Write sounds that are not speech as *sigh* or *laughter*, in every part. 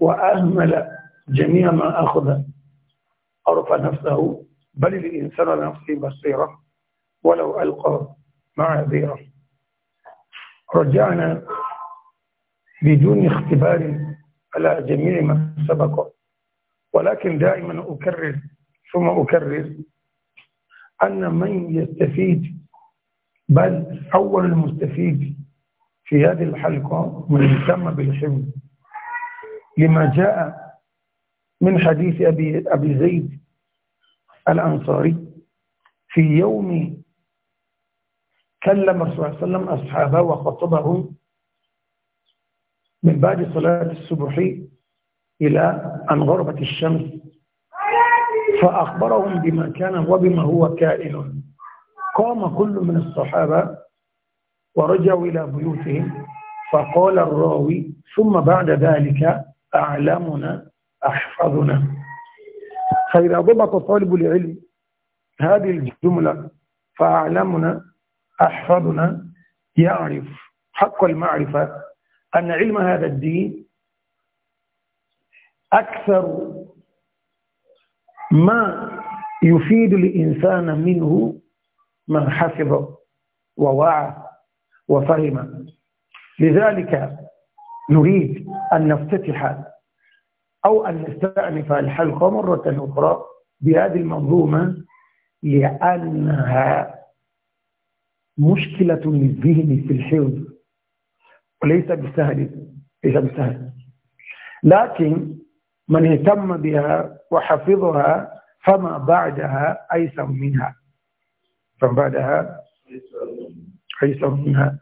وأهمل جميع ما أخذ عرف نفسه بل الإنسان نفسه بصيرة ولو ألقى معاذيره رجعنا بدون اختبار على جميع ما سبق ولكن دائما أكرر ثم أكرر أن من يستفيد بل أول المستفيد في هذه الحلقة من يسمى بالحمد لما جاء من حديث أبي, أبي زيد الأنصاري في يوم كلم الرسول صلى الله عليه وسلم أصحابه وخطبهم من بعد صلاة الصبح إلى أن غربت الشمس فأخبرهم بما كان وبما هو كائن قام كل من الصحابة ورجعوا إلى بيوتهم فقال الراوي ثم بعد ذلك أعلمنا أحفظنا فإذا ضبط طالب العلم هذه الجملة فأعلمنا أحفظنا يعرف حق المعرفة أن علم هذا الدين أكثر ما يفيد الإنسان منه من حفظ ووعى وفهم لذلك نريد أن نفتتح أو أن نستأنف الحلقة مرة أخرى بهذه المنظومة لأنها مشكلة للذهن في الحفظ وليس بسهل ليس بسهل لكن من اهتم بها وحفظها فما بعدها أيسر منها فما بعدها أيسر منها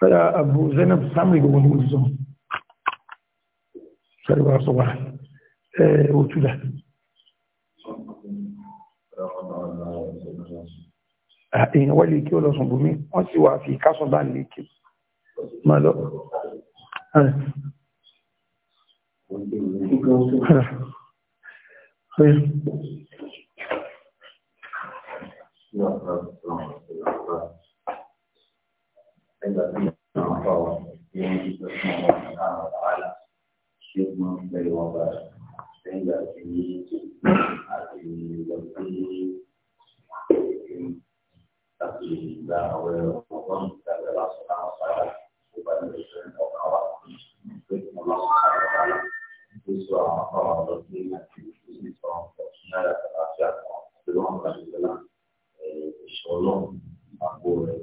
fẹ́ra Abu Zainab Samri gbogbo ní ojú sọ́n fẹ́rẹ̀wà sọ́wà òtúdà èèyàn wọ́n lè kí ó lọ sùn bùmí wọ́n sì wà fi kásùn bá lè nígbà tí àwọn afọ tí wọ́n ti sọ fún ọmọ àwọn àlà ṣé wọ́n ń bẹ̀rẹ̀ wọn bá nígbà tí àti ìgbà tí àti ìgbà àwọn ọgbọ́n tàbí lásán àwọn sára tó bá lè ṣe ọkàn wa pé kí wọ́n lọ́sọ̀ àwọn sára tó sọ àwọn afọ àwọn ọdún àti ìgbésí ọ̀hún ọ̀tún náírà tàbí àti àwọn ọ̀tún lọ́wọ́ àti ìṣọ̀lọ́ àpò rẹ̀.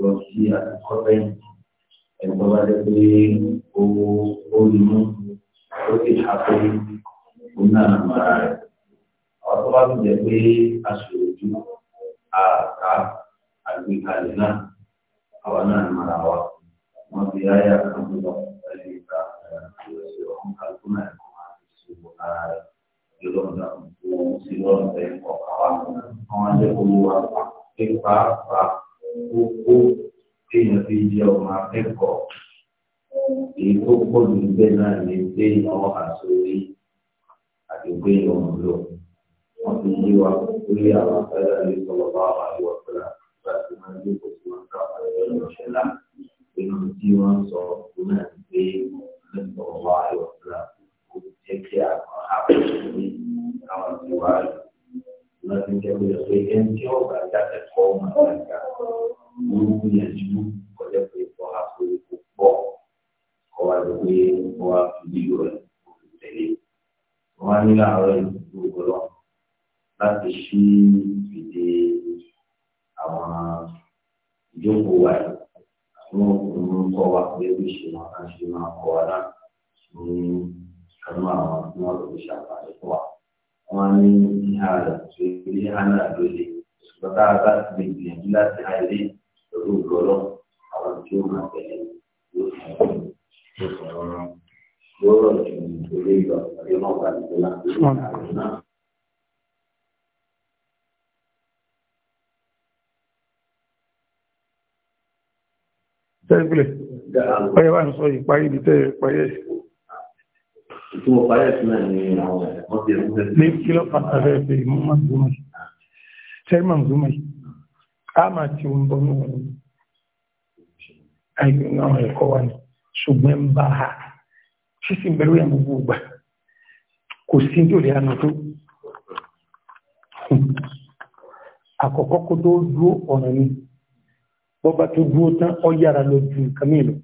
lọ sí àtúkọ́ lẹ́yìn ẹ̀gbọ́n bá dé pé owó olùmú ó sì ṣàpé òun náà mara rẹ̀ ọ̀tọ́ bá tún jẹ́ pé aṣòjú àká àgbékalẹ̀ náà àwa náà mara wa wọ́n fi ráyà kan tó lọ ẹ̀yìn ìta ìrẹsì ọ̀hún kálukú náà kọ́ máa fi sí owó ara rẹ̀ ìlọ́dà òun sí lọ́dọ̀ ẹ̀kọ́ àwa náà wọ́n á jẹ́ owó wa pa pípa pa kókó téèyàn fi jẹ ọmọ akẹ́kọ̀ọ́ èyí tó pọ̀ jù níbẹ̀ náà ní téèyàn àsórí àti téèyàn lò wọ́n ti yí wa lórí àwọn afẹ́rẹ́ ní sọ̀rọ̀ bá wà ní ọ̀pẹ́lá láti máa ní kò sí wọn ká àwọn ẹ̀rọ ìṣẹ̀lá nínú tí wọ́n sọ òun náà ti pé ní sọ̀rọ̀ bá wà ní ọ̀pẹ́lá kò jẹ́ kí àwọn àpò ìṣẹ̀lẹ̀ àwọn ti wá lò láti ń jẹ́ pé ọ̀sẹ̀ ẹni tí ó bá jáde kọ́ ọmọ àgbà lóògùn yẹn ju kọjá pé kọ́ àpòyí kò pọ̀ kọ́ wá ló pé kọ́ wá fi lílo rẹ̀ kò fi tẹ̀lé. wọ́n á ní láàárọ̀ ìlú ọlọ́ láti ṣí ìdè àwọn ìjókòó wa yìí àwọn òun kọ́ wa pé bí ṣe wọn á ṣe máa kọ́ wa náà ní kanú àwọn tí wọ́n lè ṣàǹfààní fún wa wọn ní ìhà rẹ̀ tó ilé ìhà náà ló lé ṣùgbọ́n tá a bá ti lè gbìyànjú láti ha ilé pẹ̀lú ìgbọ́lọ́ àwọn tí ó máa tẹ̀lé yóò fún un yóò rọ̀ ju ilé ìgbà ọ̀dọ́ náà bá ti dé láti ìhà rẹ̀ náà. Tẹ́lifílẹ̀, ọ̀yẹ́ wà ní sọ ìparí ibi tẹ́ ẹ parí ẹ̀ ìtumọ̀ parí ẹ̀sùn náà ni àwọn ẹ̀kọ́ ti ẹ̀kọ́ tẹ̀sí. ní kí ló fa ààrẹ pé imam zumai chairman zumai a máa ti ń bọ́ nù ayé náà ẹ̀kọ́ wa ni ṣùgbọ́n ń bá a ṣíṣì ń bẹ̀rù yẹn gbogbo ìgbà kò sí ọ̀nà ni bọ́bá tó dúró tán ọ yára lọ ju nǹkan mìíràn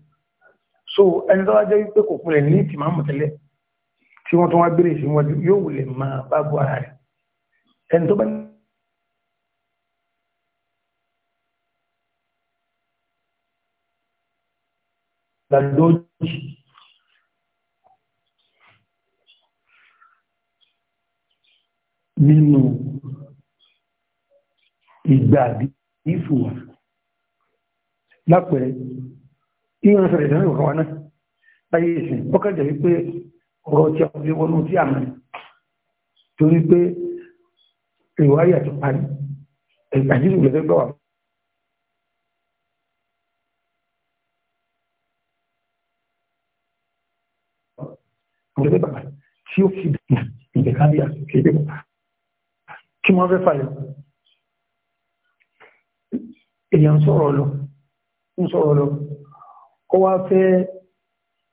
so ẹni tó wá jẹ́ wípé kò kúnlẹ̀ ní ìtìmọ̀ àmọ̀tẹ́lẹ̀ tí wọ́n tún wá bèrè sí wọn yóò wulẹ̀ máa bá bu ara rẹ̀ ẹni tó bá ní. lọ́jì nínú ìgbà ìfò wà lápẹ̀ẹ́ ìrìnàṣẹ̀rẹ̀ ìdánilòkọ̀wà náà láyé ìsìn ọkàjẹ̀ wípé ọ̀rọ̀ tí a kò lè wọnú tí a mọ̀ torí pé ìwáyà tó parí àjíṣù gbẹ̀rẹ̀ gbọ́wà tí ó fi ìgbẹ̀káríà kéde kí wọ́n fẹ́ fàyọ̀ èèyàn sọ̀rọ̀ lọ ń sọ̀rọ̀ lọ ó wá fẹ́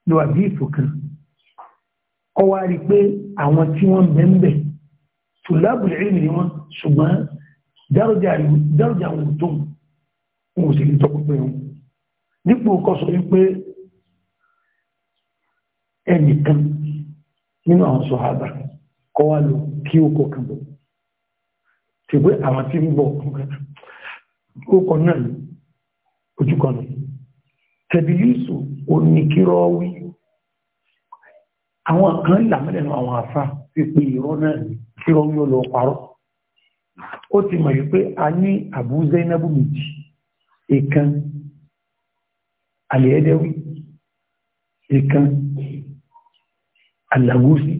lo àdíìfò kan kọ́ wá rí pé àwọn tí wọ́n bẹ̀m̀bẹ̀ tùlábùl ilmi ni wọ́n ṣùgbọ́n dáròjà wọn tó wọn ò sì lè tọpọpẹ́ wọn dípò kọ́ sọ wípé ẹnìkan nínú àwọn sọ̀hábà kọ́ wá lò kí ó kọkàn bọ̀ tí pé àwọn tí ń bọ̀ kọkàn náà ojúkọ̀nà tẹ̀bí yíṣù oníkírọ́wí àwọn kan làmílẹ̀nu àwọn àfá fi pé ìrọ́ náà ní kí wọ́n yóò lọ parọ́ ó ti mọ̀ wípé a ní Abu Zainabu méjì ìkan alẹ́ẹ́dẹ́wì ìkan alàgúsí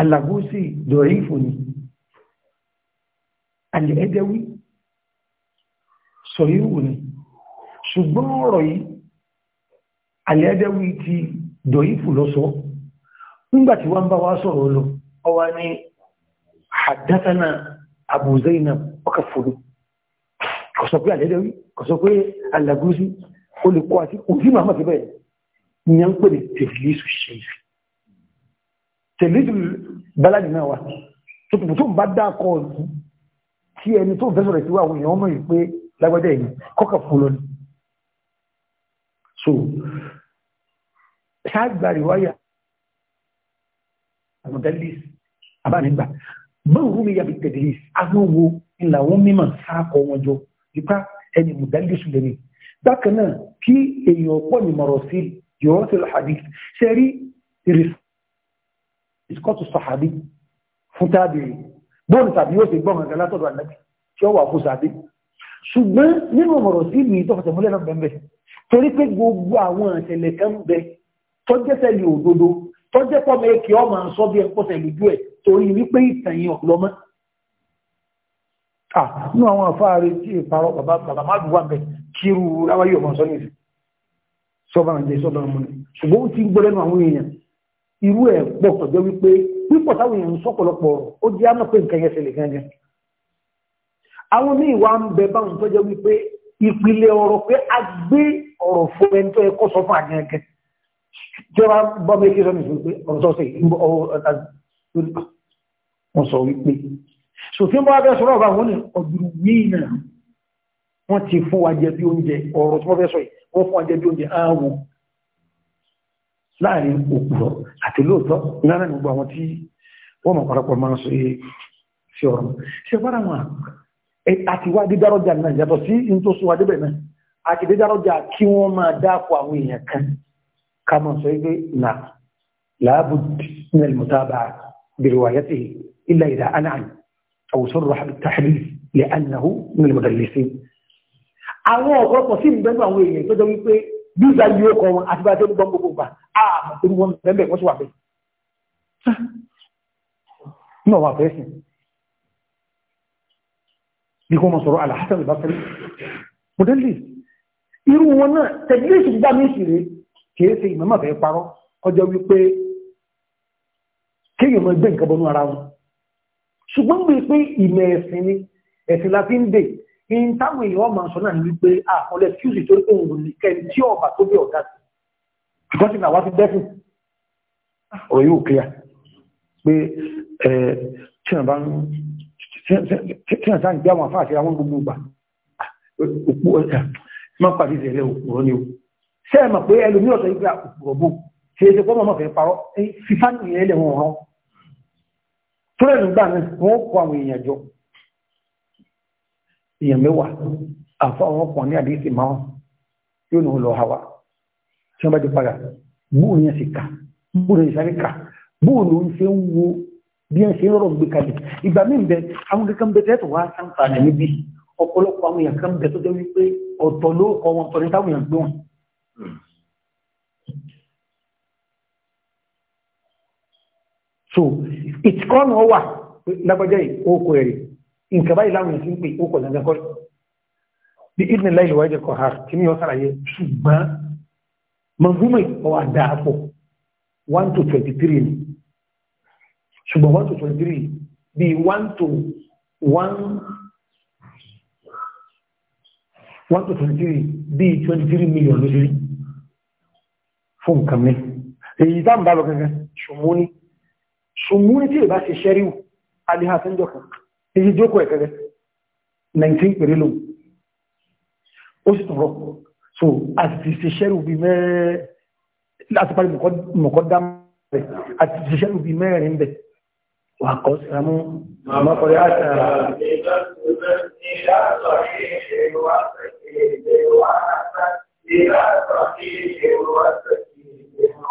alàgúsí dọ̀rífò ni alẹ́ẹ́dẹ́wì sọ yíwò ni ṣùgbọ́n ọ̀rọ̀ yìí alẹ́ẹ́dẹ́wì ti dọ̀yífù lọ́sọ́ nígbàtí wọ́n bá wá sọ̀rọ̀ lọ ọwá ní haddathana Abu Zainab ọkà fòrò kò sọ pé àlẹ́dẹ̀wí kò sọ pé alàgúsí olùkọ́ àti òjí màmá ti bẹ̀rẹ̀ ni a ń pè ní tẹ̀lẹ́sù ṣe tẹ̀lẹ́sù bálàdì náà wà tuntun tó ń ṣáàgbà rìwáyà àmọ̀dálís àbánigbà bọ́ọ̀rù mi yàbí tẹ̀dílís agbóhùn ìlàwọ́ mímọ̀ sáàkọ̀ wọn jọ ipá ẹni mọ̀dálís lẹ́ni bákan náà kí èèyàn pọ̀ ní mọ̀rọ̀ sí yọ̀rọ̀ sí lọ́hàdí ṣe rí ìrìsíkọ́tù sọ̀hàdí fún tábìrì bọ́ọ̀lù tàbí yóò ṣe gbọ́n ọ̀gá látọ̀dọ̀ ànábì tí ó wà fún sàbí ṣùgbọ́n nínú mọ̀rọ̀ sí ìlú ìtọ́fẹ̀sẹ̀múlẹ̀ náà bẹ̀m̀bẹ̀ torí pé gbogbo àwọn ìṣẹ̀lẹ̀ kan bẹ tọ́jẹ́sẹ̀ lè òdodo tọ́jẹ́ pọ́mọ èkì ọmọ àǹsọ́ bí ẹ̀kọ́sẹ̀ lójú ẹ̀ torí wípé ìtẹ̀yìn ọ̀pọ̀lọmọ́. nínú àwọn àfáàrí tí ìparọ́ bàbá bàbá má dùwà bẹ̀ kírú ráwáyé ọmọ sọ nìyí sọ́bà ń jẹ sọ́bà ń múni ṣùgbọ́n ó ti ń gbọ́lẹ́nu àwọn èèyàn irú ẹ̀ pọ̀ tọ́jẹ́ wípé pípọ̀ táwọn èèyàn ń sọ́pọ̀lọpọ̀ ọ̀rọ̀ ó jẹ́ àmọ́ pé nǹkan yẹn ṣẹlẹ̀ gangan àwọn míì wá ń bẹ báwọn tọ́jẹ́ wípé ìpìlẹ̀ ọ̀rọ̀ pé a gbé ọ̀rọ̀ fún ẹni tó yẹ kó sọ fún àgẹ́gẹ́ jọba bọ́ bẹ́ẹ̀ kí sọ ní ìṣòro pé ọ̀rọ̀ sọ́sẹ̀ wọ́n sọ wípé so tí wọ́n bẹ́ sọ́rọ̀ bá wọ́n ní ọdún wíìnà wọ́n ti fún wa jẹ bí oúnjẹ ọ̀rọ̀ tí wọ́n fẹ́ sọ yìí wọ́n fún wa jẹ bí oúnjẹ ààwọ̀ láàrin òpùrọ̀ àti lóòótọ́ náà ní gbogbo àwọn tí wọ́n mọ̀ parapọ̀ máa ń sọ sí ọ̀rọ̀ ṣe fara wọn àti wá dídárọ́jà náà yàtọ̀ sí ní tó sọ wa débẹ̀ náà àti dídárọ́jà كما سيدنا لا لابد من المتابعة بروايته إلا إذا أنعن أو صرح بالتحديث لأنه من المدلسين àwọn ọ̀pọ̀lọpọ̀ sí ìbẹ̀rù àwọn èèyàn tó jọ wípé bíza yìí ó kọ wọn àti bá tẹ́lú gbọ́ngbogbo gbà ààbò tó wọn bẹ̀rẹ̀ wọ́n sì wà bẹ́ẹ̀. ní ọ̀wà fẹ́ sìn bí kò mọ̀ sọ̀rọ̀ alhassan al-basri modelis irú wọn náà tẹ̀lé ìṣùgbà mi sì rèé kìí ṣe ìmọ̀mọ̀ fẹ́ parọ́ kọjọ wípé kéèyàn mọ́ gbé nǹkan bọnú ara wọn ṣùgbọ́n gbé pé ìmọ̀ ẹ̀sìn ni ẹ̀sìn la fi ń dè in táwọn èèyàn máa sọ náà ni wípé àkọlẹ̀ fíùsì tó ń wò ní kẹ́ni tí ọba tó bí ọ̀gá sí ṣùgbọ́n sì náà wá sí dẹ́sìn ọ̀rọ̀ yóò kíyà pé tí wọ́n bá ń tí wọ́n sáà ń gbé àwọn afáàṣẹ àwọn gbogbo gbà òpó ẹ̀ máa pàdé ìṣẹ̀lẹ̀ òpó ni o ṣé ẹ mọ̀ pé ẹlòmí ọ̀sọ̀ yìí pé àkùkùrọ̀bù ah, ṣe é ṣe pọ́ mọ̀mọ́ fẹ́ parọ́ fífá nìyẹn lè wọ́n rán tó rẹ̀ nígbà náà wọ́n kọ àwọn èèyàn jọ èèyàn mẹ́wàá àfọ àwọn ọkùnrin ní àdéhìsì máa yóò nù lọ hawa tí wọ́n bá ti padà búù yẹn sì kà búù yẹn sáré kà búù ló ń ṣe ń wo bí ẹ ṣe ń rọrùn gbé kalẹ̀ ìgbà míì bẹ àwọn kankan bẹ tẹ́tù wá sáǹfà níbi ọ̀pọ̀lọpọ̀ àwọn èèyàn kan bẹ tó jẹ́ wípé ọ̀tọ̀ ló kọ wọn tọ̀ táwọn èèyàn gbé wọn Hmm. so ìtìkọ́nù ọwà lágbàjá ìkókò ẹ̀rẹ̀ nǹkan báyìí láwọn ìsìn pé ó kọ̀ lẹ́gbẹ̀kọ́ bí ìdìní láyé wáyé kọ̀ ha kí ní ọ̀sára yẹ ṣùgbọ́n mọ̀gúnmọ̀ ọwà dáàpọ̀ 1 to 23 ni ṣùgbọ́n 1 to 23 bí 1 to 1 1 to 23 bí 23 million lójúrí fún nǹkan mi èyí tá ń bá lọ kankan ṣùmúní ṣùmúní tí ìbá ṣe ṣẹ́ríwù alìhà sẹ́jọ́ kan èyí jókòó ẹ̀ kankan 19 pèrè lòun ó sì tọ̀rọ̀ so àti ṣe ṣẹ́ríwù bí mẹ́rẹ̀ láti parí mọ̀kọ́ dá mẹ́rẹ̀ àti ṣe ṣẹ́ríwù bí mẹ́rẹ̀ ń bẹ̀ wà kọ́ sí ramú àmọ́kọ̀rẹ́ àṣàrà Ìlàtọ̀ kí ìṣèrò àṣẹ́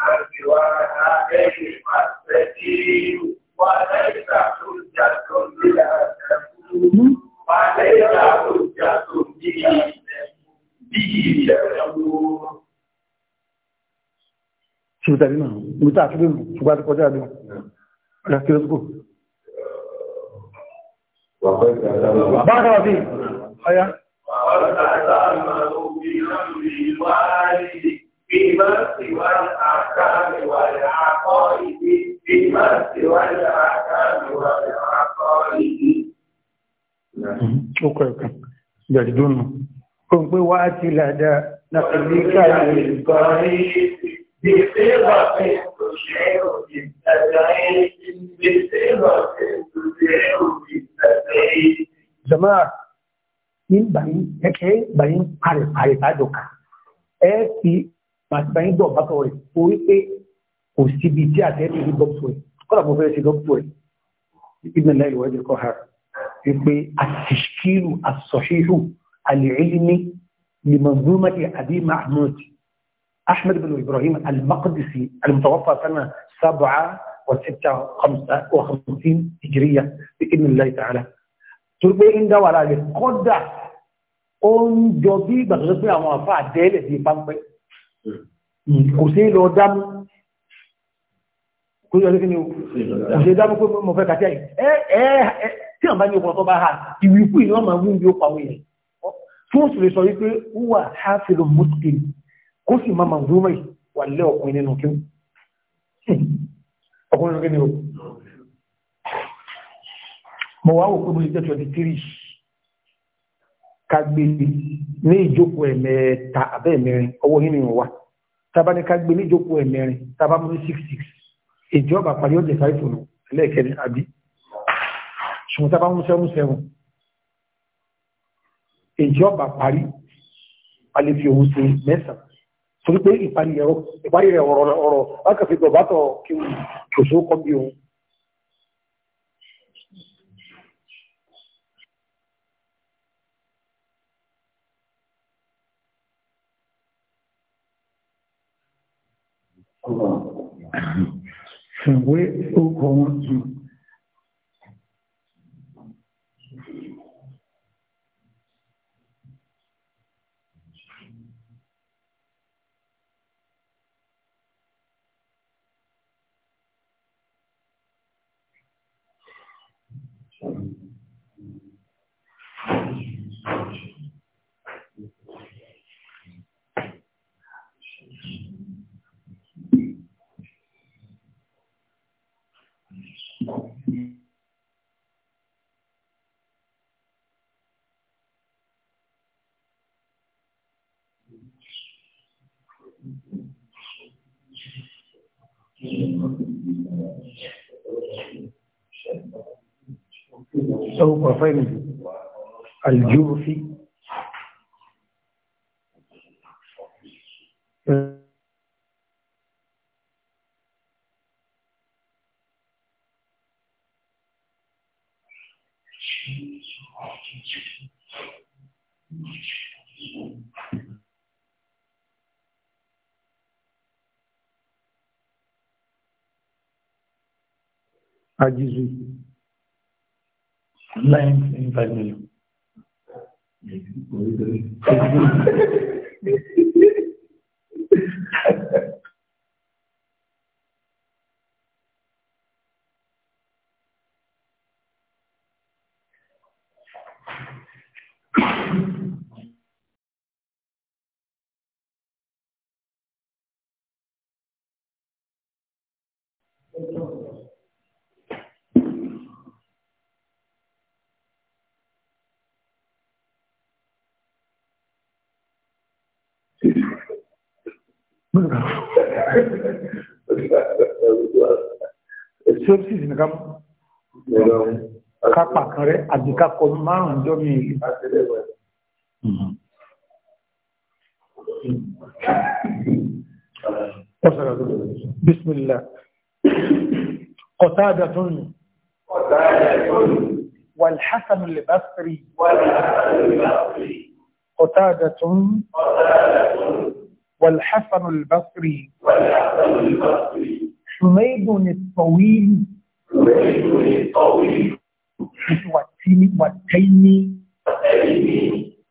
الأرض وأنا إليه مستقيم وليس حجة بلا تكون وليس حجة به تكون Ṣùgbọ́n tàbí náà, mo tàbí lè mú, ṣùgbọ́n àti kọjá àdúgbò. Ọ̀dá kí ló tó kò? Bákan wà sí, ọya. ó kọ ẹ̀kan jàdìdónù kò ń pé wá ti làdá nàkàlí káàkiri ìgbàrí bí fẹ́lá fẹ́ tó ṣe òjì tàbí bí fẹ́lá fẹ́ tó ṣe òjì tàbí. jama'a ní bàyín ẹ̀kẹ́ bàyín parẹ̀parẹ̀ bájọ̀ka ẹ fi màtìbàyín dọ̀ bá sọ̀rọ̀ torí pé kò síbi tí àtẹ́ẹ̀tì rí gọ́pùtù rẹ̀ kọ́lá mo fẹ́ ṣe gọ́pùtù rẹ̀ ìpínlẹ̀ ìwádìí kọ́ hàrá wípé àtìṣkírù àsọ̀híhù alìílmi limanzumati abi mahmud ahmed bin ibrahim al-maqdisi al-mutawaffa sana sab'a wa sitta wa khamsin hijriya bi idnillahi ta'ala turbe inda wala le kódà ó ń jọ bí gbàgbé pé àwọn àfa àdẹ́lẹ̀ bíi pápẹ́ kò sí lọ dámú kò sí lọ dámú pé mo fẹ́ kàtí ẹ̀ ẹ̀ tí àwọn bá ní ọkọ̀ tó bá ha ìwíkú ìlú ọmọ wí ní ọkọ̀ àwọn èèyàn fún òṣèlè sọ wípé wúwà hafilu muslim kó sì máa máa rúmọ̀ wà lé ọkùnrin nínú kí ọkùnrin nínú kí ni o mo wá wò pé mo lè jẹ́ twenty three kagbe ní ìjókòó ẹ̀mẹ́ta abẹ́ mẹ́rin ọwọ́ yìí nìyẹn wá tábà ní kagbe ní ìjókòó ẹ̀mẹ́rin tábà mú ní six six ìjọba parí ọ̀jẹ̀ sáyẹ̀fù lẹ́ẹ̀kẹ́rin àbí ṣùgbọ́n sábà ń sẹ́wọ́n sẹ́wọ́n èjì ọba parí alẹ́ fi òun ṣe mẹ́sàn-án torí pé ìparí rẹ̀ ọ̀rọ̀ ọ̀rọ̀ lákàfẹ́ gbọ̀bátọ̀ kí o ṣòṣó kọ́ bí òun ṣùgbọ́n ó kọ́ wọn سوف فهم الجوفي Thank you. a dis jека lan em fe sepsis nìkan kápá kan re kákọ jọ mi بسم الله قتادة والحسن البصري قتادة والحسن البصري حميد الطويل حميد الطويل والتين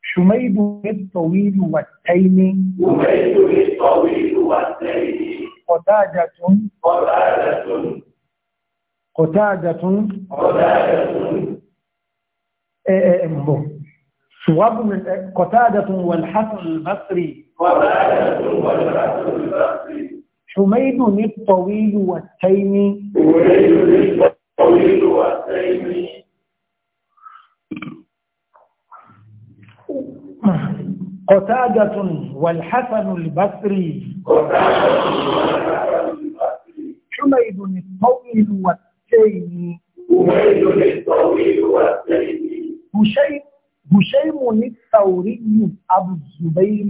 حميد الطويل والتين حميد الطويل والتين قتادة قتادة قتادة قتادة إيه، إيه، إيه، من قتادة والحسن البصري قتادة والحسن البصري حميد الطويل والتيمي حميد الطويل والتيمي قتادة والحسن البصري قتادة والحسن حميد الطويل والتيمي حميد الطويل والتيمي هشيم هشيم الثوري أبو الزبير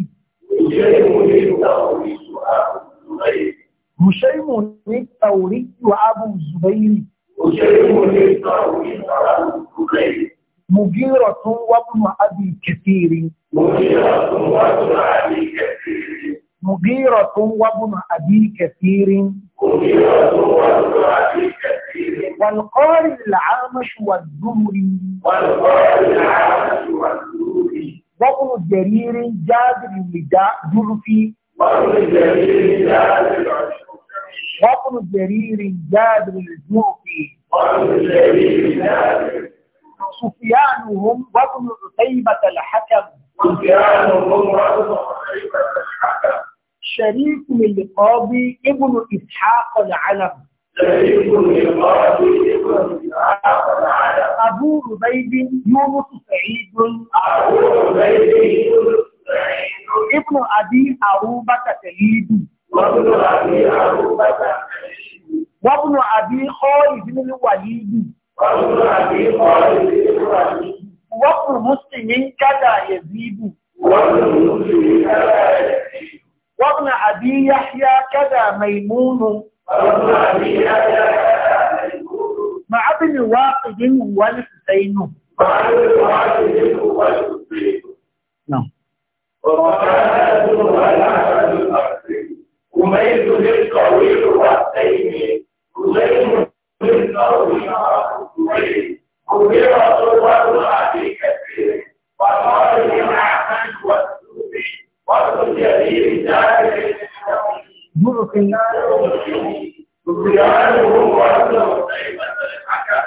هشيم الثوري أبو الزبير هشيم الثوري وأبو الزبير هشيم الثوري وأبو الزبير مغيرة وابن أبي كثير مغيرة وابن أبي كثير مغيرة وابن أبي كثير والقاري العامش والزهري والقاري العامش والزهري وابن جرير جابر لجرفي وابن جرير جابر وابن جرير جابر الجوفي هم وابن عتيبة الحكم سفيانهم وابن عتيبة الحكم شريك للقاضي ابن إسحاق العلم أبو ربيب يونس سعيد أبو ربيب يونس سعيد ابن أبي أروبة سعيد Wọ́n àbí ọ́ ìdínlẹ̀ wà yìí. Wọ́n kùn Mùsùlùmí ń kádà Yazidu. Wọ́n àbí Yahya kádà Maimunu. Ma'a bin Waqidin wal Husainu. Ma'a bin Waqidin wal Husainu. Na'am. Wa qala أميد القوي والتيم أزيم القوي والتيم كبيرة والعدي كثير وصالح العمل والسوء والسجري ذلك ممكن صبيانه وابنه دائما الحكم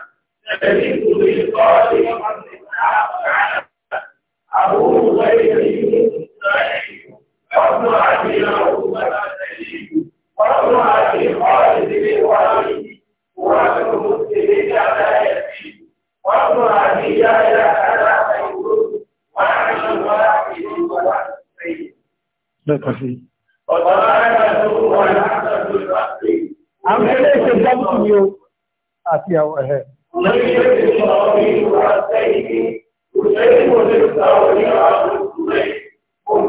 يجد بالقادم عن ابوه غير من فاطمة عزيزة وما تجيب فاطمة عزيزة خالد بن وليد وأبو مسلم لا يزيد فاطمة عزيزة إلى أنا خير وأعيش واحد ولا تسعين. لا تسعين. Àwọn ẹgbẹ́ ìṣẹ́ dábùkù ni ó àti àwọn ẹ̀hẹ́. Lẹ́yìn ìṣẹ́ ìṣẹ́ ọ̀rọ̀ ìlú àtẹ́yìn, òṣèlú òṣèlú àwọn ìlú àwọn ìlú rẹ̀.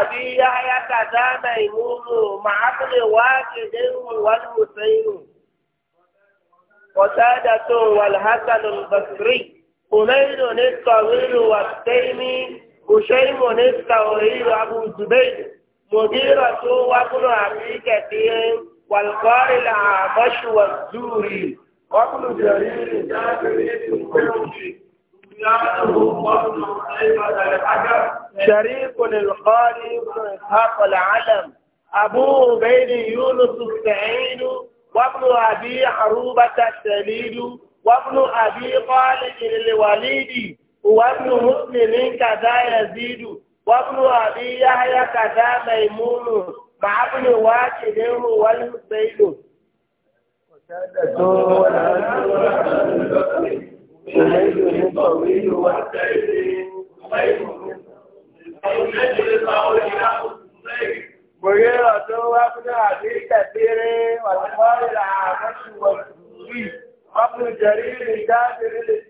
أبي يحيى كذا ميمون مع كل واحد والحسين قتادة والحسن البصري حميد الطويل والتيمي هشيم الطويل أبو الزبير مديرة وابن أبي كثير والقارئ الأعمش والزوري وابن جرير جابر بن شريك القاري بن إسحاق العلم أبو عبيد يونس السعيد وابن أبي حروبة السليد وابن أبي خالد الوليد وابن مسلم كذا يزيد وابن أبي يحيى كذا ميمون مع ابن واجد هو الليل طويل والسير قيم مجرد وابن عبد كثير والأخبار العامة والسوري قبل جرير جابر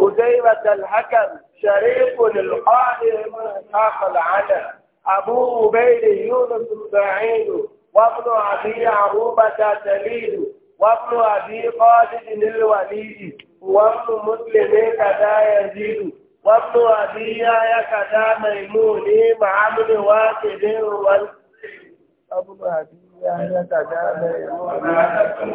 قتيبة الحكم شريف القائل من إسحاق العدل أبو عبيد يونس البعيد وابن أبي عروبة دليل وابن أبي خالد الوليد وابن مسلم كذا يزيد وابن أبي يحيى كذا ميمون مع ابن واكد وابن أبي يحيى كذا ميمون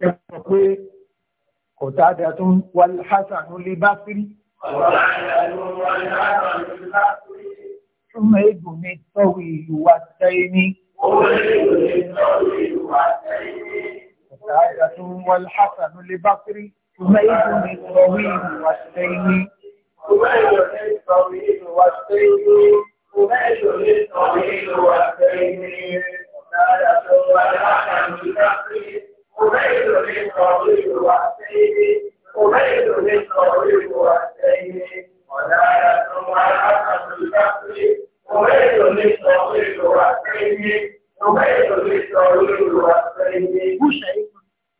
Thank you. قتادة والحسن البصري حميد الطويل والتيمي قتادة والحسن البصري حميد الطويل والتيمي حميد الطويل والتيمي قتادة والحسن البصري أمير للطريق وأسيه أمير للطريق وأسيه ولا يسمع الحسن البصري أمير للطريق وأسيه أمير للطريق وأسيه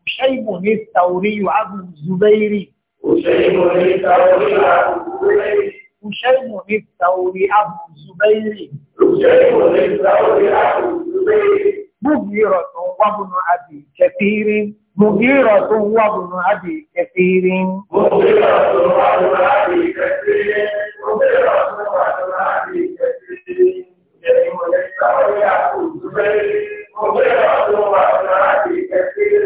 شيب الثوري أبو الزبير وشيب الثوري أبو الزبير وشيب الثوري أبو الزبير وشيب الثوري أبو الزبير مغيرة وابن أبي كثير مغيرة وابن أبي كثير مغيرة وابن أبي كثير مغيرة وابن أبي كثير مغيرة وابن أبي كثير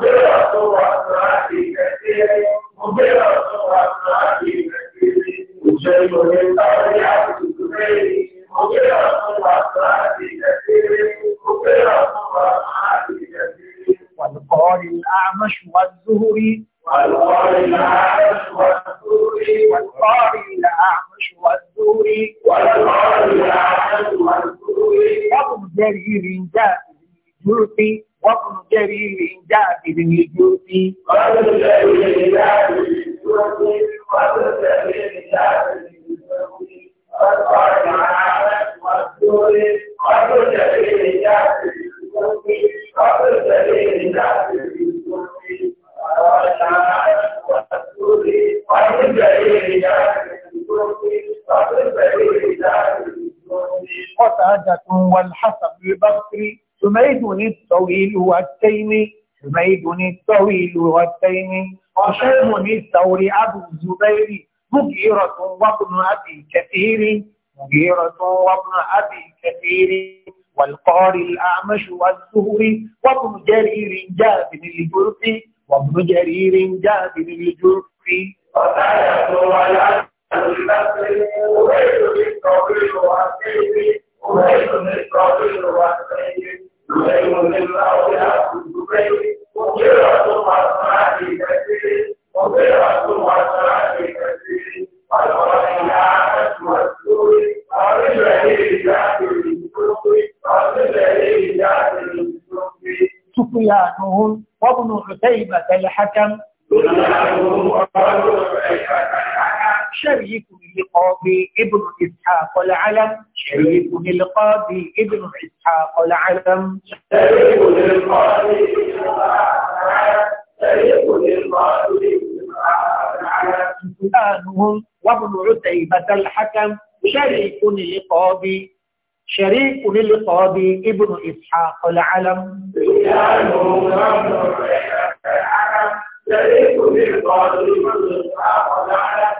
مغيرة وابن أبي والقارئ الأعمش والزهري والقارئ الأعمش والزهري والقارئ الأعمش والزهري والقارئ الأعمش والزهري أبو جرير جاء جرتي وابن جرير جابر الجوزي وسعادة والحسن البصري حميد الطويل والتيمي حميد الطويل والتيمي وشيم الثوري أبو الزبير مغيرة وابن أبي كثير مغيرة وابن أبي كثير والقاري الأعمش والزهري وابن جرير جابر الجرفي وابن جرير جابر الجرفي وسعيد والعسل البصري وغير الطويل والتيمي وغير الطويل والتيمي سفيان وابن عتيبة الحكم شريك لقاضي ابن إسحاق العلم شريك لقاضي ابن إسحاق العلم شريك للقاضي سلطانهم وابن عتيبة الحكم شريك لقاضي شريك للقاضي ابن إسحاق العلم وابن عتيبة الحكم شريك للقاضي ابن إسحاق العلم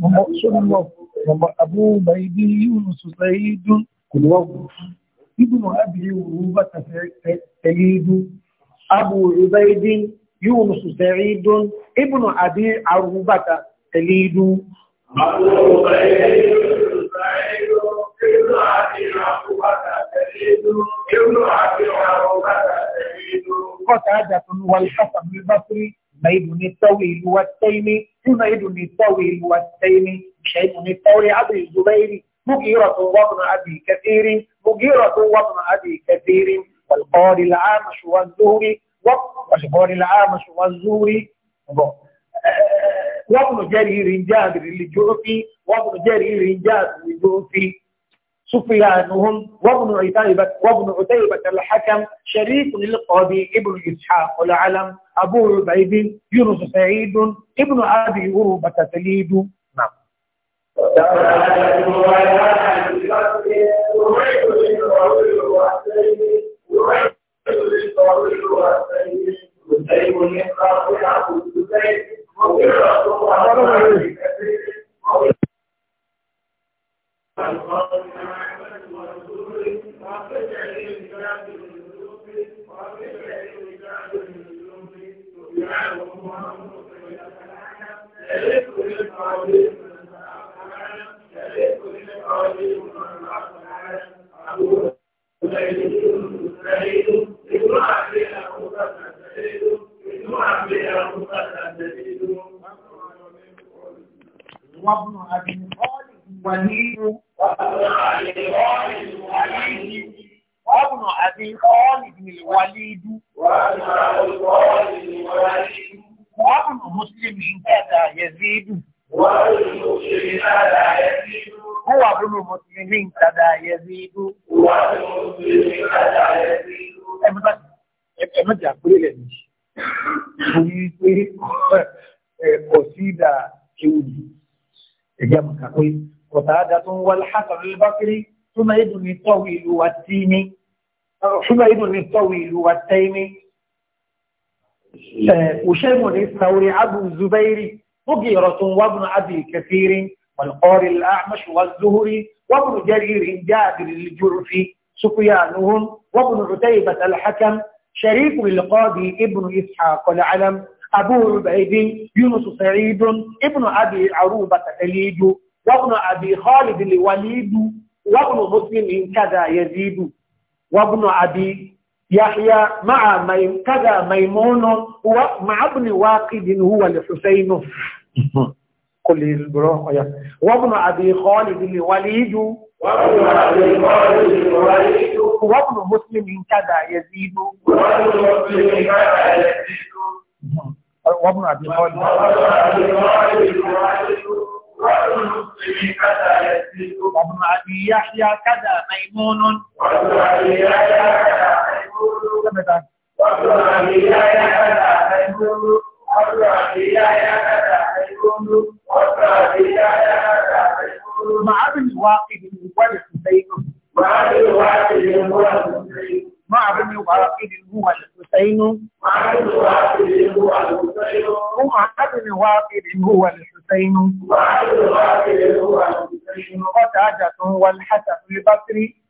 Mọ̀mọ́ Mọ̀mọ́ Abúrúmọ̀ ibi Yúnusù Sẹ́yídún Kùlọ́ọ̀bù. Ibùnà Abìlí Òru bàtà Sẹ́yídún. Abu Ubaidi Yúnusù Sẹ́yídún. Ibùnà Abí Àrù bàtà Sẹ́yídún. Abu Ubaidi Yúnusù Sẹ́yídún. Ibùnà Abí Àrù bàtà Sẹ́yídún. Ibùnà Abí Àrù bàtà Sẹ́yídún. Kọ́ta àjàtún wal Hasan al-Basri. ميدن الطويل والتيم جنيد الطويل والتيم شيخ الثوري عبد الزبير مجيرة وطن أبي كثير مجيرة وطن أبي كثير والقاري العامش والزهري والقاري العامش والزهري وابن جرير جابر الجعفي وابن جرير جابر الجعفي سفيانهم وابن عتيبة وابن عتيبة الحكم شريك للقاضي ابن إسحاق العلم أبو عبيد يونس سعيد ابن أبي غربة تليد نعم Thank you. Thank you. البكر حميد الطويل والتيمي حميد الطويل والتيمي وشيم الثوري عبد الزبير مغيرة وابن أبي كثير والقاري الأعمش والزهري وابن جرير جابر الجرفي سفيانهم وابن عتيبة الحكم شريف القاضي ابن إسحاق العلم أبو عبيد يونس سعيد ابن أبي عروبة تليج وابن أبي خالد الوليد وابن مسلم كذا يزيد وابن أبي يحيى مع ميم كذا ميمون ومع ابن واقد هو الحسين *laughs* قل البراء أيوه. وابن أبي وابن أبي خالد الوليد وابن مسلم كذا يزيد وابن كذا يزيد *laughs* وابن أبي خالد وابن أبي يحيى كذا ميمون وابن أبي يحيى كذا ميمون وابن أبي يحيى كذا ميمون وابن أبي يحيى كذا ميمون وابن أبي يحيى كذا ميمون مع ابن واقد ولد زيد مع ابن واقد ولد زيد معظم واحد هو الحسين وعدد واحد هو الحسين وعدد واحد هو الحسين وعدد واحد هو الحسين قتادة والحسن البصري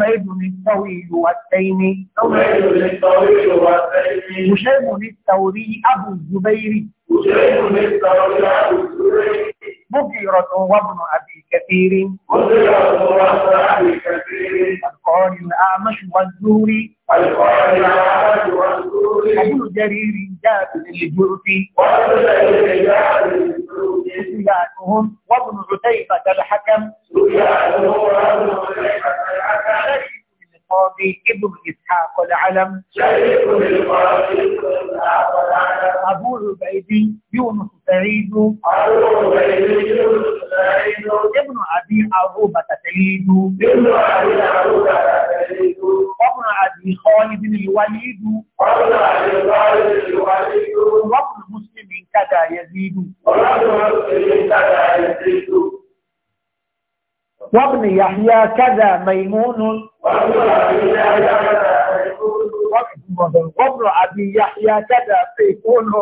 حميد الطويل والتيمي حميد الطويل والتيمي هشام الثوري أبو الزبير هشام الثوري أبو الزبير مغيرة وابن أبي كثير مغيرة وابن أبي كثير القال الأعمش والزوري القال الأعمش والزهري أبو جرير جابر الجرفي وابن جرير جابر الجرفي روي عنهم وابن عتيبة الحكم روي وابن عتيبة الحكم القاضي ابن إسحاق العلم القاضي ابن إسحاق العلم أبو عبيدي يونس سعيد أبو عبيدي يونس سعيد ابن أبي عروبة سعيد ابن أبي عروبة سعيد وابن أبي خالد الوليد وابن أبي خالد الوليد وابن مسلم كذا يزيد وابن وابن يحيى كذا ميمون وابن أبي يحيى كذا سيفون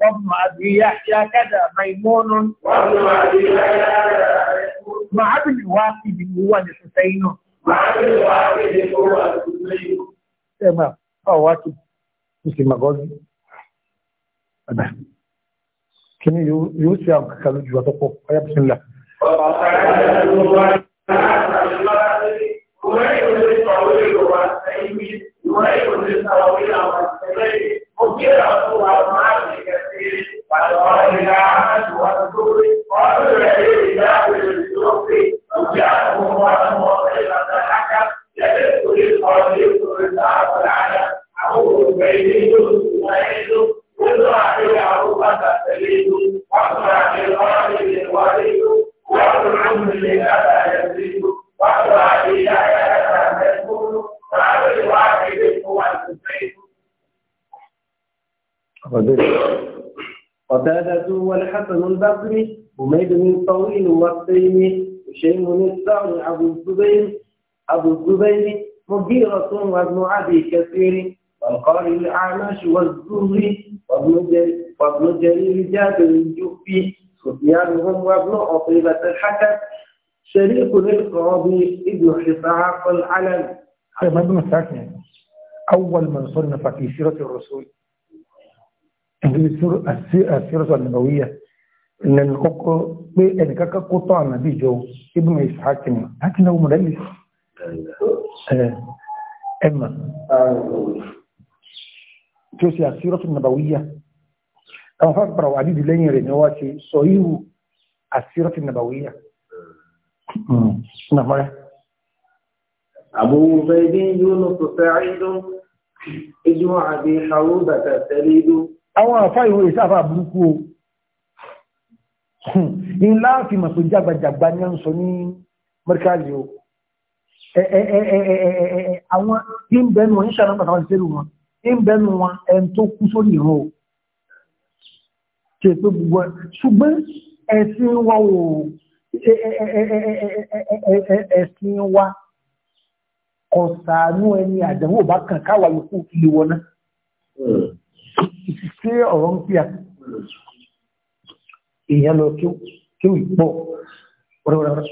وابن أبي يحيى كذا ميمون مع ابن واحد هو الحسين مع ابن واحد هو الحسين تمام أو واحد مثل ما قلت Kini, yóò ṣe àwọn kàkà lójú àtọ́pọ̀ ọyá bí sílẹ̀. Thank you. وزيد قتادة والحسن البصري حميد بن طويل والتيمي هشيم السعد أبو الزبير أبو الزبير مغيرة وابن أبي كثير والقاري الأعمش والزهري وابن جرير جابر الجوفي سفيانهم وابن عطيبة الحكم شريك للقاضي ابن حسعاق العلم. طيب ما أول من صنف في سيرة الرسول السيرة النبوية لأن إذا كان قطع نبي جو ابن إسحاق لكن هو مدلس آه. آه. أما توسي السيرة النبوية أو فاكبر وعديد لين رنواتي صحيح السيرة النبوية آه. نعم أبو زيد يونس سعيد ابن أبي حروبة سليد àwọn àfá ìwé ìsáfà burúkú o in láàfin mọ̀ pé jágbàjàgbà ní ọ̀sọ̀ ní mẹ́ríkàlì o àwọn tí ń bẹnu wọn ń ṣàrán pàtàkì wọn sẹ́rù wọn ń bẹnu wọn ẹn tó kú sórí ìran o ṣe pé gbogbo ṣùgbọ́n ẹ̀sìn wa o ẹ̀sìn wa kọ̀sánú ẹni àdánwò bá kàn káwà yòókù ilé wọn náà ṣé ọ̀rọ̀ ń pè à èèyàn lọ kí ó pọ̀ wọ́rọ́wọ́rọ́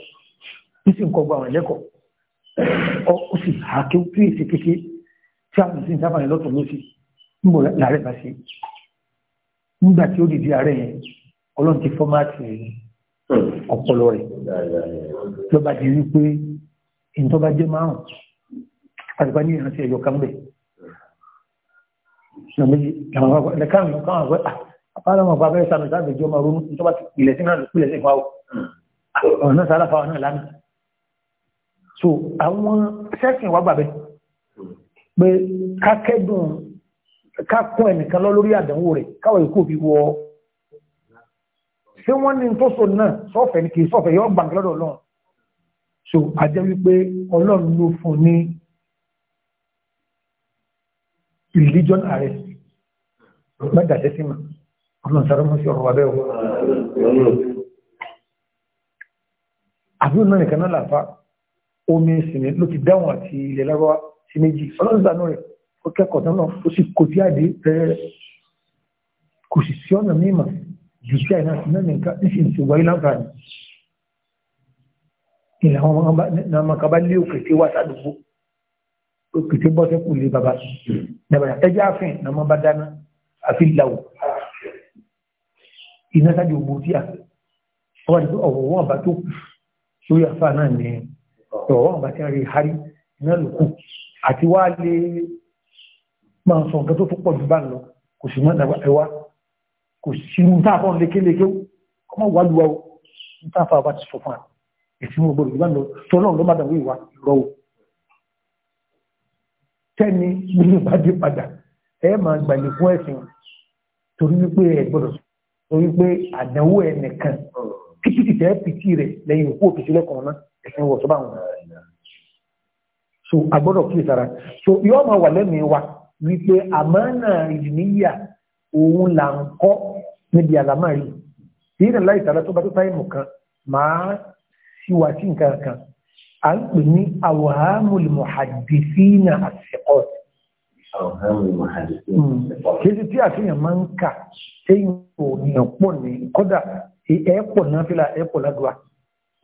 ní sì ń kọ́ gba àwọn ẹlẹ́kọ̀ọ́ ó sì há kí ó pè sí kéke tí a sì ń sábà ní lọ́tọ̀ lọ́sí ń bọ̀ láàrẹ̀ bá ṣe nígbà tí ó dìde ààrẹ yẹn ọlọ́run ti fọ́máàtì ọpọlọ rẹ̀ lọ́ba di wípé ìtọ́ba jẹ́ márùn-ún àgbà ní ìrántí ẹ̀yọ̀ kan bẹ́ẹ̀ ọ̀nà méjì làwọn ọkọ̀ ẹ̀ka àwọn ọkọ̀ àwọn ọ̀pá àwọn ọmọ abẹ́rẹ́ sàmì sáàbẹ̀ jọ máa ronú nítorí ilẹ̀ sí náà ló pìlẹ̀ sí ìfà o ọ̀nà sára fa ọ̀nà lánàá so àwọn sẹ́sìn wà gbàgbé pé kákẹ́dùn kákún ẹnìkan lọ lórí àdánwò rẹ̀ káwọn èkó fi wọ ṣé wọ́n ní tó so náà sọ́fẹ̀ ni kì í sọ́fẹ̀ yọ gbàgbé lọ́dọ̀ ọlọ́run so àjẹ́ wípé ọlọ́run ló fún ní religion arrest mẹ́ta tẹ́sí ma ọmọ ìsàrọ̀ mọ́ sí ọ̀rọ̀ wà bẹ́ẹ̀ wọ́n àbúrò náà nìkan náà làfá omi ìsinmi ló ti dáhùn àti ilẹ̀ lárọ́wá sí méjì ọlọ́dúnṣàánú rẹ̀ ó kẹ́kọ̀ọ́ tán náà ó sì kò sí àdé rẹ̀ kò sì sí ọ̀nà mímọ̀ jù sí àìná sí náà nìkan níṣì ti wáyé láǹfààní ìlànà ọmọ kan bá lé òkè wà sádùúgbò òkìtì bọ́sẹ̀ kù lé baba dàbàdà ẹjẹ́ àfin náà má bá dáná àfi làwò iná sáájú ògbó tí a wọ́n wá ní pé ọ̀wọ̀ wọn bá tó kù sórí àfa náà ní ọ̀wọ̀ wọn bá ti rí harí iná ló kù àti wá lé máa sọ nǹkan tó tó pọ̀ jù bá ń lọ kò sì mọ́ ẹ̀dàgbà ẹ̀wá kò sí ní tá lékeleke kọ́ mọ́ wàá lu wa o àbá ti sọ fún wa èsì mọ́ gbọ́dọ̀ jù bá lọ tọ́lọ́run ló má dàgbé ìwà ìrọ̀ tẹ́ni gbogbo bá dé padà ẹ máa gbàlẹ̀ fún ẹ̀sìn torí wípé ẹ gbọ́dọ̀ sọ wípé àdánwò ẹ nìkan pìtìtì tẹ́ pìtì rẹ̀ lẹ́yìn òkú òkìtì lẹ́kọ̀ọ́ náà ẹ̀sìn wọ̀ sọ́bà wọn. so a gbọ́dọ̀ kí ìsara so yóò máa wà lẹ́mìí wa wípé àmánà ìdìníyà òun là ń kọ́ níbi àlámà yìí ìyẹn láì tààrà tó bá tó táyé mọ̀ kan máa ṣíwá sí nǹkan kan a ń pè ní awhamul muhaddithina as-siqat hmm. kí sí tí àfihàn máa ń kà téyìn òníyàn pọ̀ ní kọ́dà ẹ̀ẹ́pọ̀ náà fílà ẹ̀ẹ́pọ̀ ládùá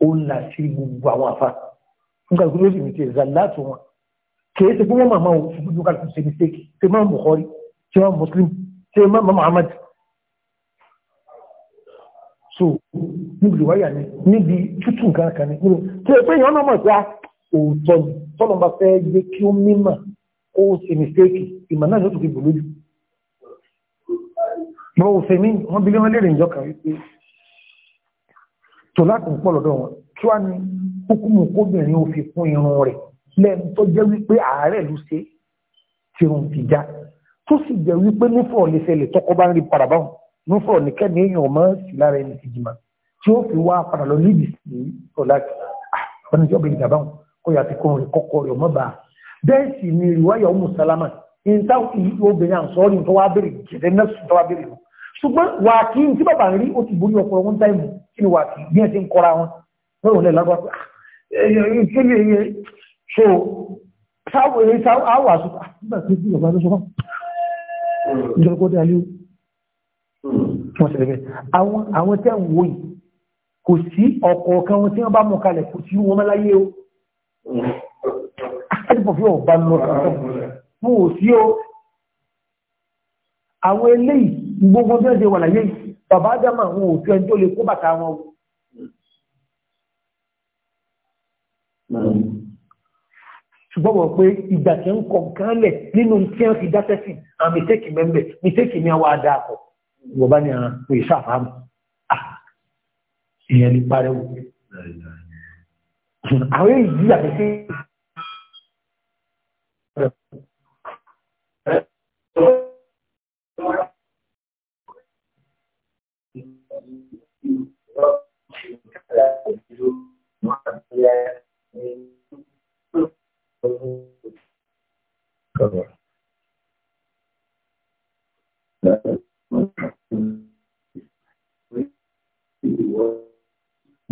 ó ń là sí gbogbo àwọn àfa nígbà tó lórí mi ti ẹ̀zà látò wọn kìí ṣe pé so níbi ìwáyà ni níbi tútù nǹkan kan ni nínú tí o pé èèyàn náà mọ̀ pé ah, òótọ́ ni tọ́lọ́ bá fẹ́ gbé kí ó mímọ̀ ó ṣe mistake ìmọ̀ náà ló tún fi bò lójú. mo ò fẹ́ mi wọ́n bí wọ́n léèrè ìjọkàn wípé tò láti ń pọ̀ lọ́dọ̀ wọn kí wàá ní kúkúmù kóbìnrin ó fi kún irun rẹ̀ lẹ́nu tó jẹ́ wípé àárẹ̀ ló ṣe tí òun ti já tó sì jẹ́ wípé nífọ̀ọ́ lè ṣẹlẹ̀ tọ́kọ bá ń rí parabáwọn nífọ̀ọ́ nìkẹ́ ní èèyàn ọmọ sí lára ẹni ti jìmọ̀ tí ó fi wá padà lọ níbi sí ọ̀la ọ̀nà tí ọ̀bẹ̀ ìjàmbá wọn kó yà ti kọ́ rẹ̀ kọ́kọ́ rẹ̀ ọmọ bá a bẹ́ẹ̀ sì ni ìwáyà ọmọ sálámà ìta obìnrin àǹsọ́ọ̀rì tó wá bèrè jẹ̀dẹ̀ náà tó wá bèrè lọ ṣùgbọ́n wà kí n tí bàbá ń rí ó ti borí ọkọ̀ wọn táìmù kí ni wà kí bí ẹ ti ń kọ́ra wọn lọ́rùn lẹ́ lágbá pé ah, so táwọn èyí táwọn àwọn àṣùkà ah, nígbà tí ìjọba ló sọ fún ìjọba hmm. àwọn tẹ́ ń wòye kò sí ọ̀kọ̀ọ̀kan wọn tí wọ́n bá mú kalẹ̀ kò sí wọn láyé o ah, ẹ̀dùpọ̀fí ọ̀bá mú ò sí o àwọn eléyìí gbogbo bí wọ́n ṣe wà láyé bàbá dámà wọn ò fi ẹni tó lè kó bàtà wọn o ṣùgbọ́n wọ́n pé ìgbà tí ń kọ̀ kánlẹ̀ nínú tí wọ́n fi dáṣẹ́ sí àmì tẹ́kì mẹ́mbẹ̀ mi tẹ́kì mi àwọn àdàkọ̀ wọ́n bá ní àwọn ìṣàfàmù èèyàn lè pariwo àwọn èyí àti sí Thank you.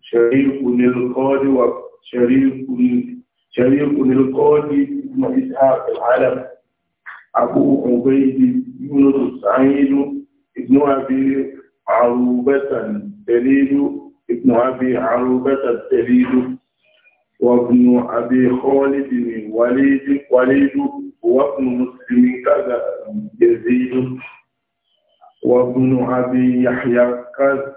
شريف القاضي وشريف شريف القاضي ابن إسحاق العلم أبو عبيد يونس سعيد ابن أبي عروبة الدليل ابن أبي عروبة الدليل وابن أبي خالد وليد وليد وابن مسلم كذا يزيد وابن أبي يحيى كذا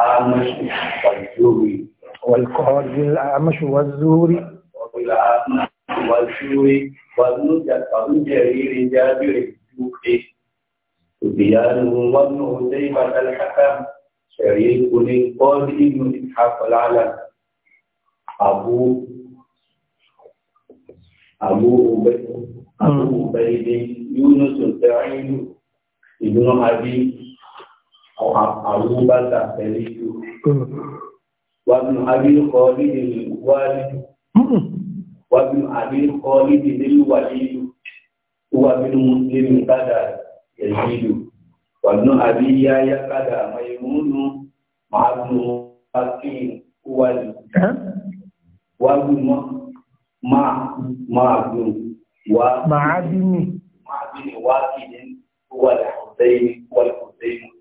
الأعمش والزوري والقاضي الأعمش والزوري وبالأعمش والزوري وابن جرير جابر الزوري سفيان وابن هزيمة الحكم شريك للقاضي بن إسحاق العلم أبو أبو أبو عبيد يونس الدعيم ابن أبي àwọn bá ta pẹ̀lú ìlú. Wàbí àbíkọ́ lídì wálìdù. Wàbí àbíkọ́ lídì nílùú wàlídù. Wàbí Mùsùlùmí kádà yẹ̀lídù. Wàbí àbí yáyá kádà Maimunu Màánu Akin wálì. Wàbí máa máa gùn wá. Màá bí mi. Màá bí mi wá kìíní wàlì Hùsẹ́yìn wàlì Hùsẹ́yìn.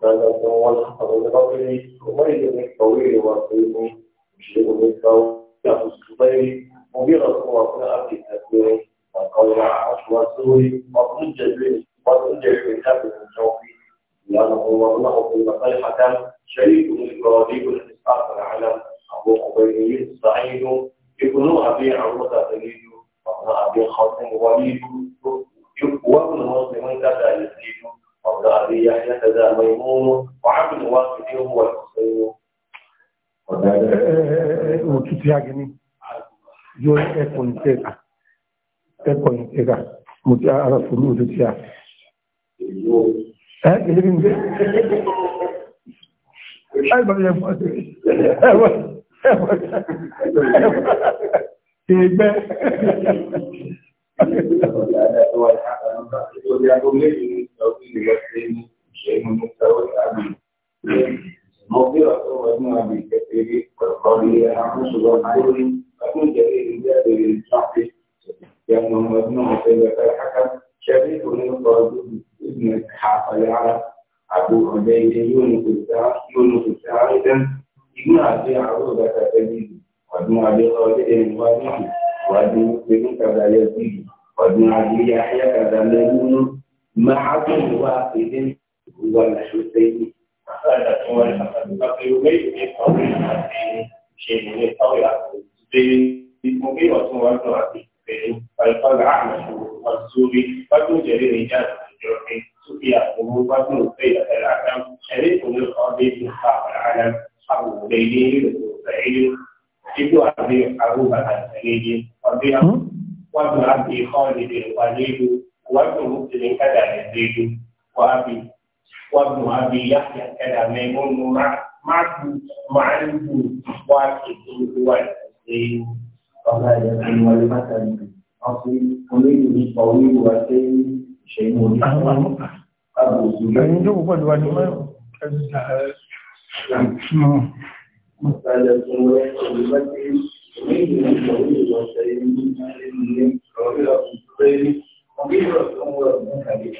فلكم والحفظ من قبله وميل منك طويل وطيب مشرب منك ويأخذ الصبيل مبيرة وفاء في التكبير القول عاش وسوري مخرج من مخرج من كتاب لأنه ورنه في المصيحة شريك من قرابيب الإسحاق العلم أبو قبيلي السعيد ابن أبي عروة سعيد وابن أبي وليد وابن مسلم كذا قبل أبي يحيى ذا ميمون وعبد الواقد هو الحسين òtútù agini yóò ẹkùn ìtẹ́ka ẹkùn ìtẹ́ka mo ti ara fòlú òtútù à ẹ́ kìí bí n gbé ẹgbẹ̀rẹ̀ ẹ̀wọ̀n ẹgbẹ́ ẹgbẹ́ التوكيل والسلم شيء مستوى أبي مغفرة وابن أبي الكثير والقولي أعوش والقول أكون جليل جابر الشعبي يمنه وابن عتيبة الحكم شريك من قرد ابن إسحاق العرب أبو عبيد يونس الساعد يونس الساعد ابن أبي عروبة تجيب وابن أبي خالد وابن وابن مسلم كذا يزيد وابن أبي يحيى كذا ميمون مع كل واحد هو الحسين فالقال أحمد والسوري فاتو جري رجال الجرحي سفي أبوه فاتو سيد الأعلام شريك للقاضي في حق العالم حق ليله سعيد ابن أبي أبوه الأنساني وابن أبي خالد الوليد o é Lúcio vem cada recebido, o árbitro, o árbitro Rabia, que é cada membro no mar, mas o é marido, o árbitro, o árbitro, o árbitro, o árbitro, o árbitro, o árbitro, o árbitro, Thank you. وبه الأمور منهجة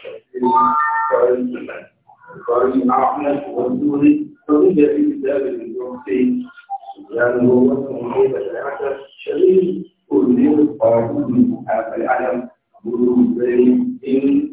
قال أحمد والدوري فوجد في كتاب الجوزي سبحانه وتعالى كيف تعتبر شريف كل قائد من هذا العالم بلوغ إن أين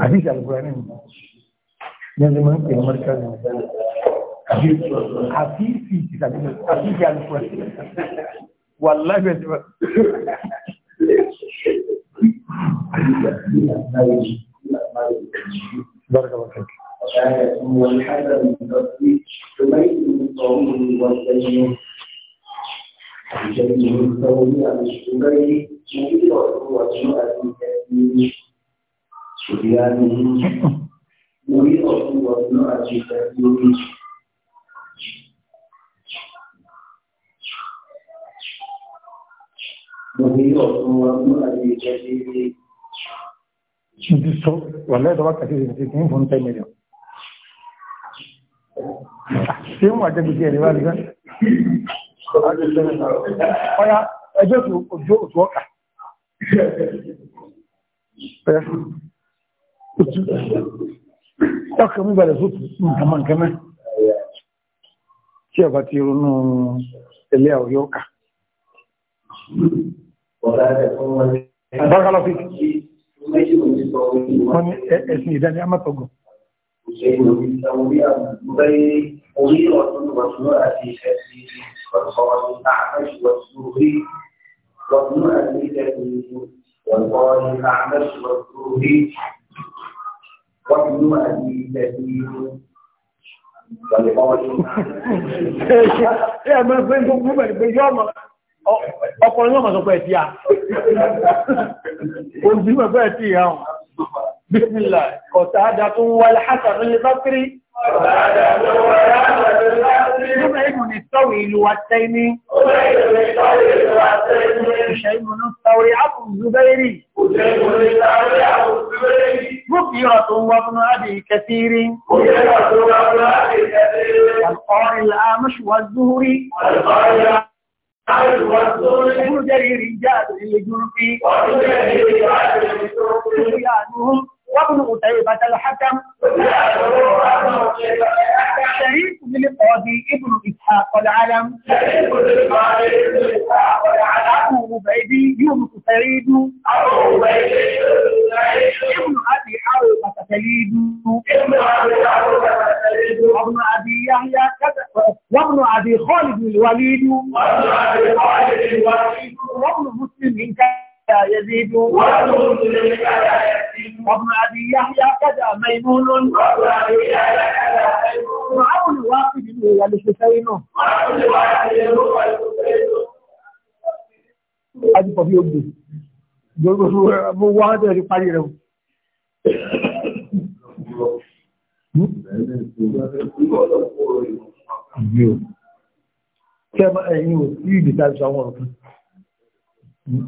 حديث القرآن يعني ما في مركز حديث حديث حديث القرآن والله بجوا بارك الله فيك والحسن من الطويل والسميع عن جميع الثوب عن الشبيب مدير وجوء التأثير سبيانه مدير وجوء التأثير Wàlẹ́ ìdọ́wà kàtí ìrìnàtí tí ń fún tẹ́mìlì ṣe ń wà jẹ́ gbogbo ẹ̀rẹ́ wáyé rẹ̀. ọ̀yá ẹjọ́ òjò òtù ọkà ọkà mú balẹ̀ sótù nkàmà nkàmà tí ọba ti ronú ilé àwòyọ́ ọkà bákàlọ́ fi wọ́n ní ẹ̀sìn ìdáni amátọ̀gọ̀ مغيرة وامرأة شديد والخاطئ أعمش والزهري وامرأة كثير والقارئ أعمش والزهري وابن أبي ọkùnrin náà mọ̀ sọ pé ẹ̀ tí a? Òun sí mọ̀ pé tí ìyá بسم الله قتادة والحسن البصري قتادة والحسن البصري أبين الطويل والتيمي أبين الطويل والتيمي هشيم الثوري أبو الزبيري هشيم الثوري أبو الزبيري مغيرة وابن أبي كثير مغيرة وابن أبي كثير القاري الأعمش والزهري القاري الأعمش ابن جرير جاد الجنفي وابن جاد الجنفي وابن أتيبة الحكم شريك بالقاضي ابن إسحاق العلم أبو عبيدي يونس سعيد ابن أبي حرمة سليد وابن أبي يحيى وابن أبي خالد الوليد وابن مسلم كذا يزيد ونون للكلا يزيد وابن أبي يحيى كذا ميمون وابن أبي يحيى كذا ميمون وعون واقد هو الحسين وعون واقد هو الحسين Adé pọ̀ bí ó gbé, gbogbo mo wá ń tẹ̀lé parí rẹ̀ o. Kí ẹ máa ẹ̀yìn o, yìí ìdí tàbí sọ àwọn ọ̀rọ̀ kan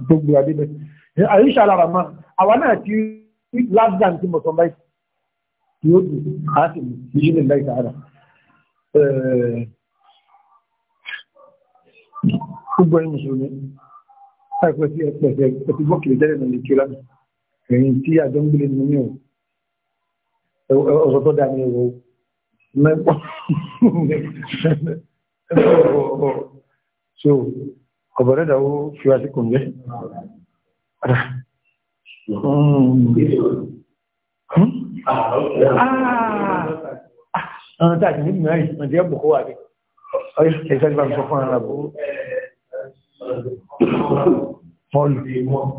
tó gbé adé bẹ́ẹ̀ àyíṣà lára máa àwa náà ti rí last dam tí mo sọ báyìí tí ó dùn á sì mú bí ṣe lè láì sáárà gbogbo ẹni mùsùlùmí láìpẹ́ sí ẹ̀pẹ̀sẹ̀ ẹ̀tí bọ́ọ̀kì jẹ́rẹ̀ náà lè kí lánàá ẹ̀yìn tí àjọ ń gbélé nínú ní ọ̀rọ̀ tó dáa ní ẹ̀rọ mẹ́pọ̀ so ọ̀bọ̀rẹ́ ìdáwó fi wá sí kò ń jẹ́ àwọn tí a ti nígbìmọ̀ rí ọ̀dí ẹ̀bù kó wà rí ọ̀yọ́ ẹ̀sẹ̀ ìbá mi sọ fún ara bó mọ́lù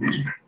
Mm-hmm.